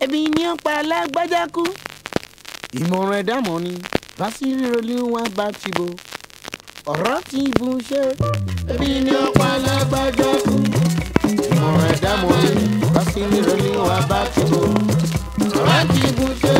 ebi ni ó pa alágbájá kú. ìmọ̀ràn ẹ̀dá mọ̀ ni Básírì Olúwa bá ti bo ọ̀rọ̀ ti bu ṣe. ebi ni ó pa alágbájá kú. ìmọ̀ràn ẹ̀dá mọ̀ ni Básírì Olúwa bá ti bo ọ̀rọ̀ ti bu ṣe.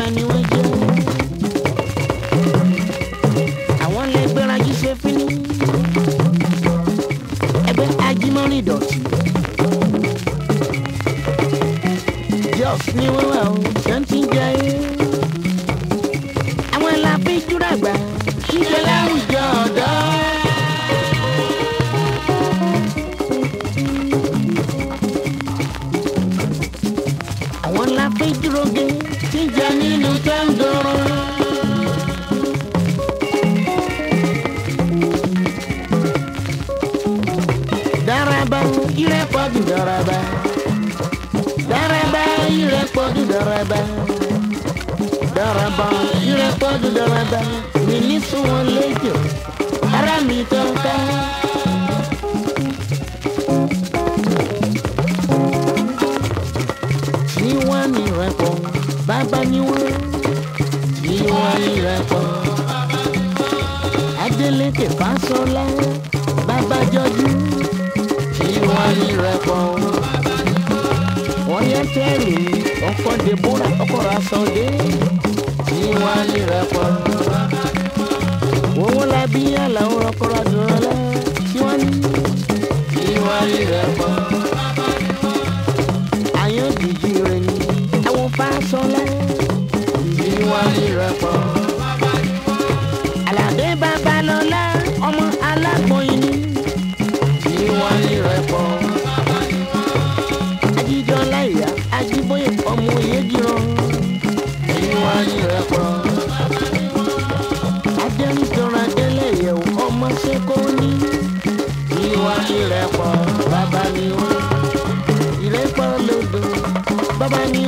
avenue kpɔdu dɔrɔba dɔrɔba ire kpɔdu dɔrɔba dɔrɔba ire kpɔdu dɔrɔba mini sunwɔn lejo ara mi tɔnka. niwa ni rẹ kọ niwa. Ìrẹ́pọ̀ Adeleke Fáṣọlá bàbá jọjú Tiwa Ìrẹ́pọ̀ ọyẹ tẹrì ọkọ Deborah ọkọ Rasọdé Tiwa Ìrẹ́pọ̀ owó labí àlàó rọkọrọ dùn ọlẹ tiwa ní Tiwa Ìrẹ́pọ̀ ayọ̀ dìjú rẹ ni àwọn Fáṣọlá Tiwa Ìrẹ́pọ̀. ìrẹ́pọ̀ bàbá ni ó ìrẹ́pọ̀ lódò bàbá ni ó.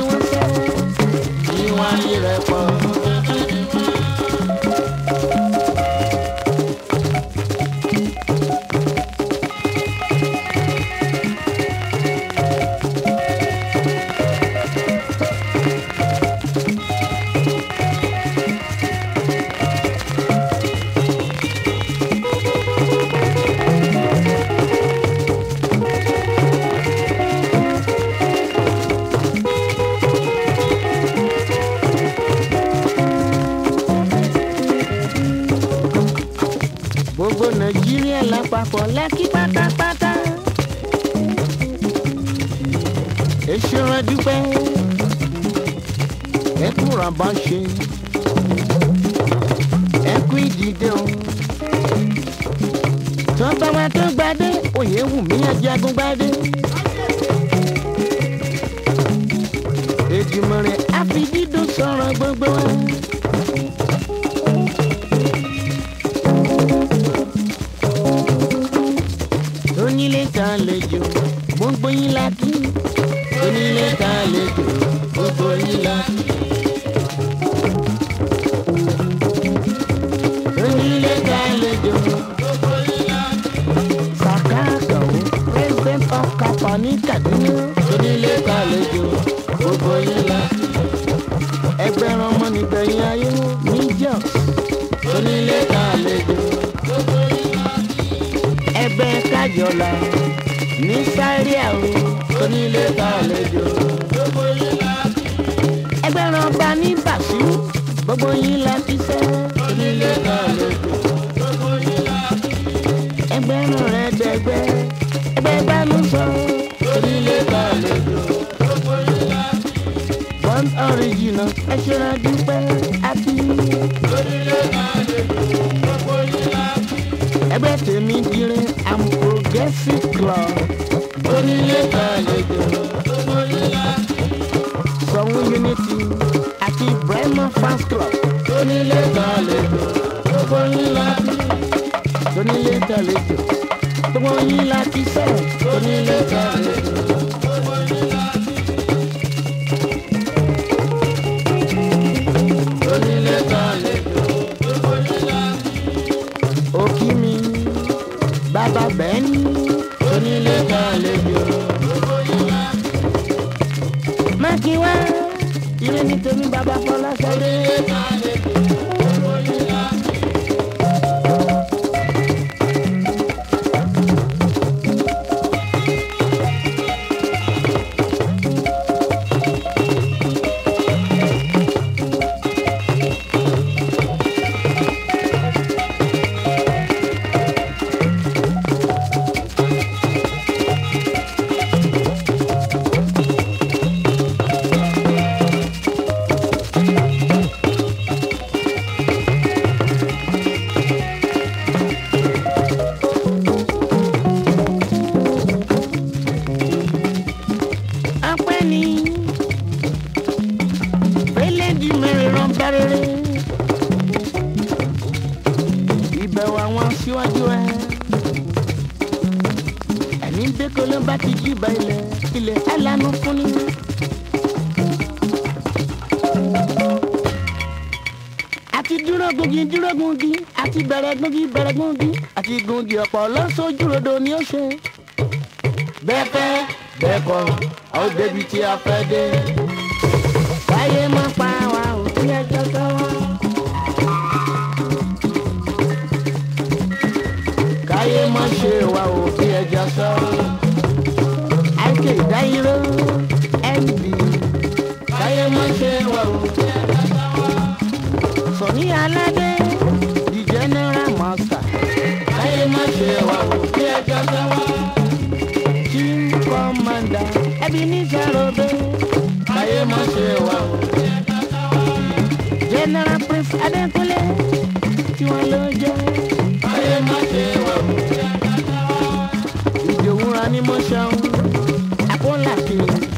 dúpẹ́ ẹ túnra bá ṣe ẹ kú ìdìde o tọ́tọ́ wa tó gbadé òye wù mí ẹ jagun gbadé. ìgbìmọ̀ rẹ̀ á fi dídùn sọ̀rọ̀ gbogbo wa. onílé kan lè jò gbogbo yín la kí onílé ta lè tó gbogbo yín la. ta lè tó gbogbo yín la. sàkà àtọ̀wé pẹ́ńpẹ́ ọkà ní Kaduna. onílé ta lè tó gbogbo yín la. ẹgbẹ́rún ọmọ nìgbẹ̀yìn ayé ní Jos. onílé ta lè tó gbogbo yín la. ẹgbẹ́ kájọ la ní sáré àwọn onílé tàlejò. gbogbo yín la ti fẹ́. ẹgbẹ̀rún ọba ti fẹ́. onílé tàlejò gbogbo yín la ti fẹ́. ẹgbẹ̀rún rẹ̀ dẹ̀gbẹ́ ẹgbẹ́ one original ẹ ṣe ra dúpẹ́ àti. onílé tàlejò gbogbo yín la ti fẹ́. tèmi dirin am progressive club. fans club. onílé gbàlejò gbogbo ńlá kí. onílé gbàlejò gbogbo ńlá kí sọ̀rọ̀. onílé gbàlejò. rere ìbẹ̀wò àwọn síwájú ẹ ẹ̀mí dékolé bá ti jí ba ilẹ̀ ilẹ̀ ẹ̀ lanu fún ni. àti dúró gungi dúró gungi àti bẹ̀rẹ̀ gungi bẹ̀rẹ̀ gungi àti gungi ọ̀pọ̀ lọ́sọ̀júrodo ni ó ṣe. bẹ́ẹ̀ fẹ́ bẹ́ẹ̀ kọ́ àwọn débi tí a fẹ́ dé. ayé má ṣe wá o kí ẹja sọ. àìkè ìdáyìíró nb ayé má ṣe wá o kí ẹja sọ. sọ̀ní aládé di general master ayé má ṣe wá o kí ẹja sọ. chief commander ẹbí ní sàròbẹ ayé má ṣe wá o kí ẹja sọ. general prince adékúnlé tí wọ́n ló jẹ́. ni mo ṣeun àpò ńlá